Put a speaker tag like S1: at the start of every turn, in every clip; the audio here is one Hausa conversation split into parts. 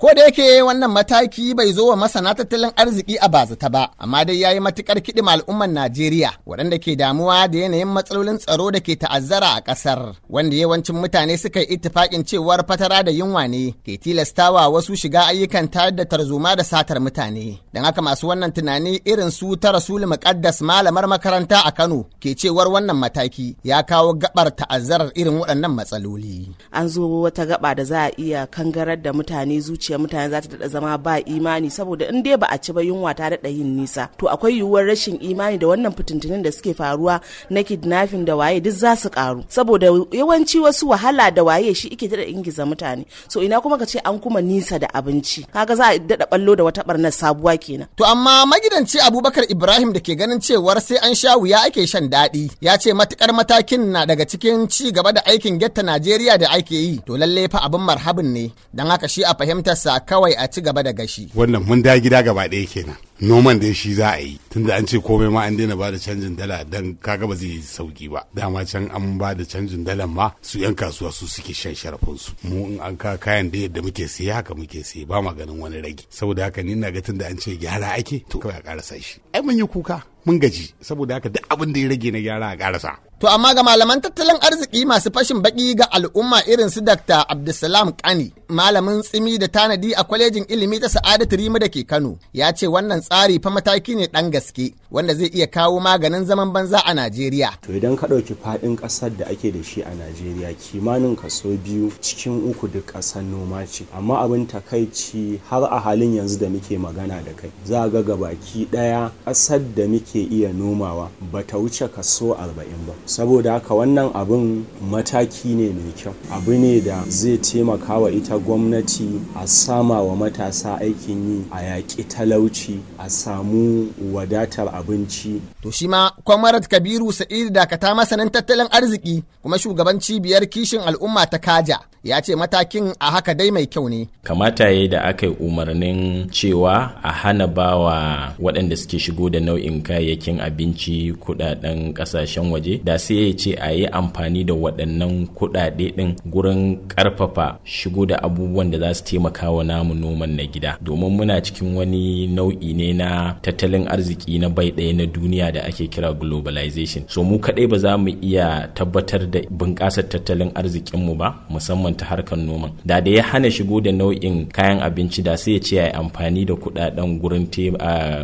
S1: Ko da yake wannan mataki bai zo wa masana tattalin arziki a bazata ba, amma dai ya yi matukar kidima al'umman Najeriya waɗanda ke damuwa da yanayin matsalolin tsaro da ke ta'azzara a ƙasar, wanda yawancin mutane suka yi ittifaƙin cewar fatara da yunwa ne ke tilastawa wasu shiga ayyukan tayar da tarzoma da satar mutane. dan haka masu wannan tunani irin su ta Rasul Muqaddas malamar makaranta a Kano ke cewar wannan mataki ya kawo gabar ta'azzarar
S2: irin waɗannan matsaloli. An zo wata gaba da za a iya kangarar da mutane zuciya zuciyar mutane za ta daɗa zama ba imani saboda in dai ba a ci ba yunwa ta daɗa yin nisa to akwai yiwuwar rashin imani da wannan fitintunin da suke faruwa na kidnapping da waye duk za su karu saboda yawanci wasu wahala da waye shi ike daɗa ingiza mutane so ina kuma ka ce an kuma nisa da abinci kaga za a daɗa ballo da wata barnar sabuwa kenan. to amma magidanci abubakar ibrahim
S1: da ke ganin cewar sai an sha wuya ake shan daɗi ya ce matukar matakin na daga cikin ci gaba da aikin getta najeriya da ake yi to lalle fa abin marhabin ne don haka shi a fahimta sa kawai a ci gaba da gashi
S3: wannan mun da gida gaba ɗaya kenan noman da shi za a yi tunda an ce komai ma an daina ba da canjin dala don kaga ba zai yi sauki ba dama can an ba da canjin dalan ma su yan kasuwa su suke shan sharafin su mu in an ka kayan da yadda muke siya haka muke siya ba ma ganin wani rage saboda haka ni na ga tunda an ce gyara ake to kawai a karasa shi ai mun yi kuka mun gaji saboda haka duk abin da ya rage na gyara a karasa
S1: To amma ga malaman tattalin arziki masu fashin baki ga al'umma irin su Dr. Abdulsalam Kani, malamin tsimi da tanadi a kwalejin ilimi ta Sa'adatu rimu da ke Kano, ya ce wannan tsari fa mataki ne dan gaske wanda zai iya kawo maganin zaman banza a Najeriya.
S4: To idan ka ɗauki faɗin ƙasar da ake da shi a Najeriya kimanin kaso biyu cikin uku duk ƙasar noma ce, amma abin takaici har a halin yanzu da muke magana da kai. Za ga gabaki ɗaya ƙasar da muke iya nomawa bata wuce kaso arba'in ba. saboda haka wannan abin mataki ne mai kyau abu ne da zai taimaka wa ita gwamnati a sama
S1: wa matasa aikin yi a yaƙi talauci a samu wadatar
S2: abinci to
S1: shi ma kwamarat kabiru sa'idu dakata masanin tattalin arziki kuma shugaban cibiyar kishin al'umma ta kaja ya ce matakin a haka dai mai kyau ne
S2: kamata ya da aka yi umarnin cewa a hana bawa waɗanda suke shigo da nau'in kayayyakin abinci kudaden ƙasashen waje da sai ya ce a yi amfani da waɗannan kuɗaɗe ɗin gurin ƙarfafa shigo da abubuwan da za su taimaka wa namu noman na gida domin muna cikin wani nau'i ne na tattalin arziki na bai ɗaya na duniya da ake kira globalization so mu kaɗai ba za mu iya tabbatar da bunƙasar tattalin arzikinmu ba musamman ta harkar noman da da ya hana shigo da nau'in kayan abinci da sai ya ce a yi amfani da kuɗaɗen gurin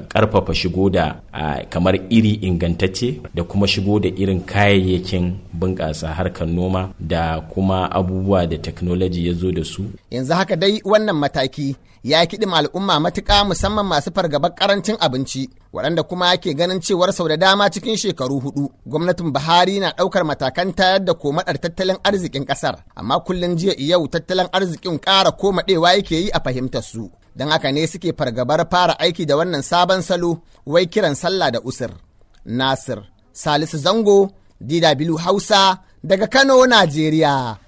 S2: ƙarfafa shigo da kamar iri ingantacce da kuma shigo da irin kayan kayayyakin bunƙasa harkar noma da kuma abubuwa da teknoloji ya zo da su.
S1: Yanzu haka dai wannan mataki ya kiɗi al'umma matuƙa musamman masu fargabar ƙarancin abinci waɗanda kuma yake ganin cewar sau da dama cikin shekaru hudu gwamnatin Buhari na ɗaukar matakan tayar da komaɗar tattalin arzikin ƙasar amma kullum jiya yau tattalin arzikin ƙara komaɗewa yake yi a fahimtar su. Don haka ne suke fargabar fara aiki da wannan sabon salo wai kiran sallah da usir. Nasir Salisu Zango DW Hausa daga Kano, Najeriya.